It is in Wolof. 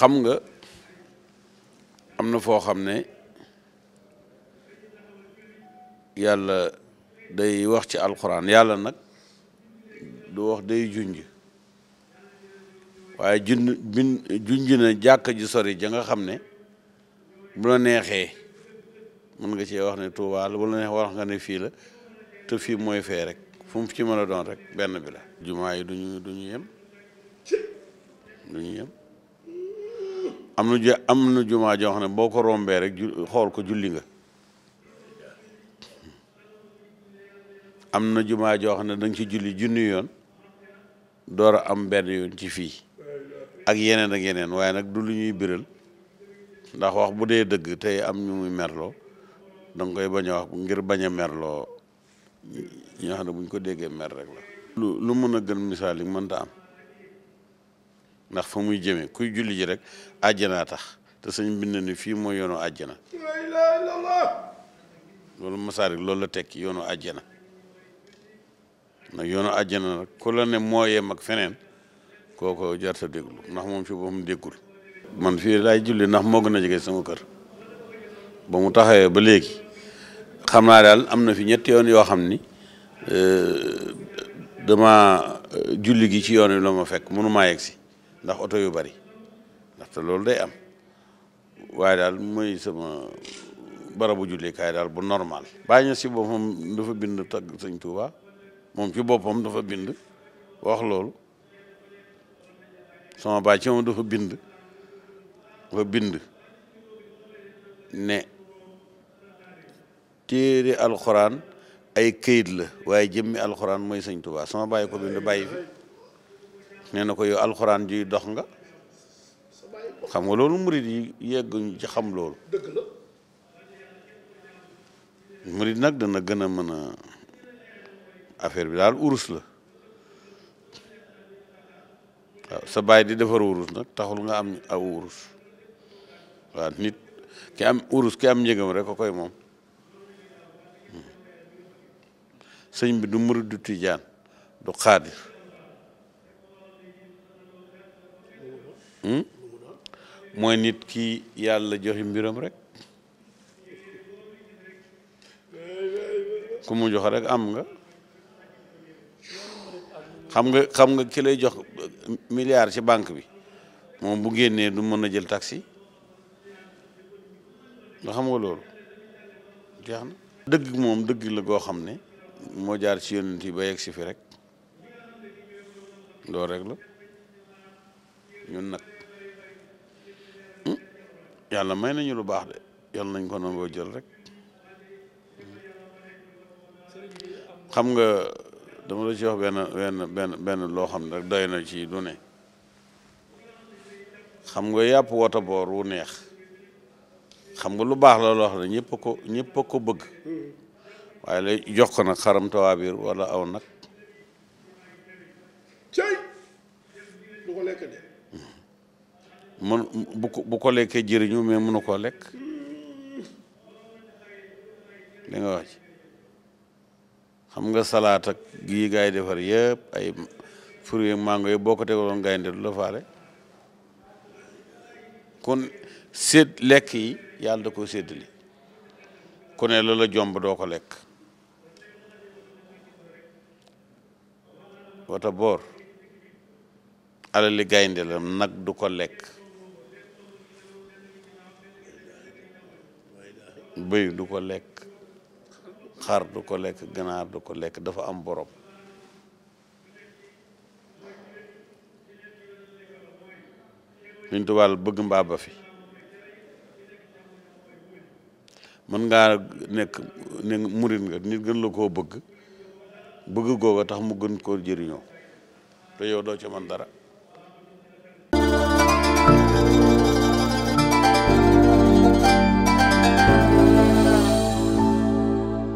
xam nga am na foo xam ne yàlla day wax ci alxuraan yàlla nag du wax day junj waaye junj bin junj na jàkk ji sori ja nga xam ne bu la neexee mën nga cee wax ne Tuubaa la bu na neexee wax nga ne fii la te fii mooy fee rek fu ci mën a doon rek benn bi la jumaa yi duñu duñu yem duñu yem am na ju am na jumaa joo ne boo ko rombee rek xool ko julli nga am na jumaa joo xam ne da nga ci julli junni yoon door a am benn yoon ci fii ak yeneen ak yeneen waaye nag du lu ñuy biral ndax wax bu dee dëgg tey am ñu muy merloo da koy bañ wax ngir bañ a merloo ñoo xam ne bu ñu ko déggee mer rek la. lu mën a gën misaal yi mënta am. ndax fa muy jëmee kuy julli ji rek àjjanaa tax te sëñ bind ni fii mooy yoonu àjjana loolu masaarik loolu la tekki yoonu àjjana nag yoonu àjjana nag ku la ne mooyeem ak feneen kooko jarta déglu ndax moom fi mu déggul man fi laay julli ndax moo gën a jege sama kër ba mu taxawee ba léegi xam naa daal am na fi ñetti yoon yoo xam ni euh, dama euh, julli gi ci yoon wi la ma fekk mënu maa yegg si ndax oto yu bari ndaxte loolu day am waaye daal mooy sama barabu jullikaay daal bu normal. bàyyi na si boppam dafa bind tagg sëñ Touba moom ci boppam dafa bind wax loolu sama baay ci moom dafa bind dafa bind ne téere alxuraan ay kayit la waaye jëmmi alxuraan mooy sëñ Touba sama bàyyi ko bind bàyyi fi. nee na ko alxuraan ji dox nga xam nga loolu murid yi yegguñu ci xam loolu murid nag dana gën a mën a affaire bi daal urus la waaw sa baay di defar urus nag taxul nga am aw urus waaw nit ki am urus ki am njëgam rek ko koy moom hmm. sëñ bi du murid du tiijaan du xaadir Hmm? mooy nit ki yàlla joxe mbiram rek ku mu jox rek am nga xam nga xam nga ki lay jox milliard ci banque bi moom bu génnee du mën a jël taxi nga xam nga loolu jeex na dëgg moom dëgg la goo xam ne moo jaar ci yonent yi ba yegg si fi rek loolu rek la ñun nag hmm, yàlla may nañu lu baax de yàlla nañ ko nangoo jël rek xam nga dama la ci wax benn benn benn loo xam ne doy na ci lu ne xam nga yàpp woto boor wu neex xam nga lu baax la loo xam ne ko ñëpp ko bëgg waaye lay jox ko nag xaram tawaabiir wala aw nag mën bu ko lekkee jëriñu mais mënu koo lekk danga nga wax xam nga salaat ak gii gars yi defar yëpp ay fruits mango yi boo ko tegaloon gars yi du la faale kon sédd lekk yi yàlla da ko séddali ku ne loola jomb doo ko lekk wata boor alali gaynde la nag du ko lekk bëy du ko lekk xar du ko lekk ganaar du ko lekk dafa am borom liñ tubaal bëgg mbaa fi mën ngaa nekk ne murit nga nit gën la koo bëgg bëgg googa tax mu gën koo jëriñoo te yow doo ci man dara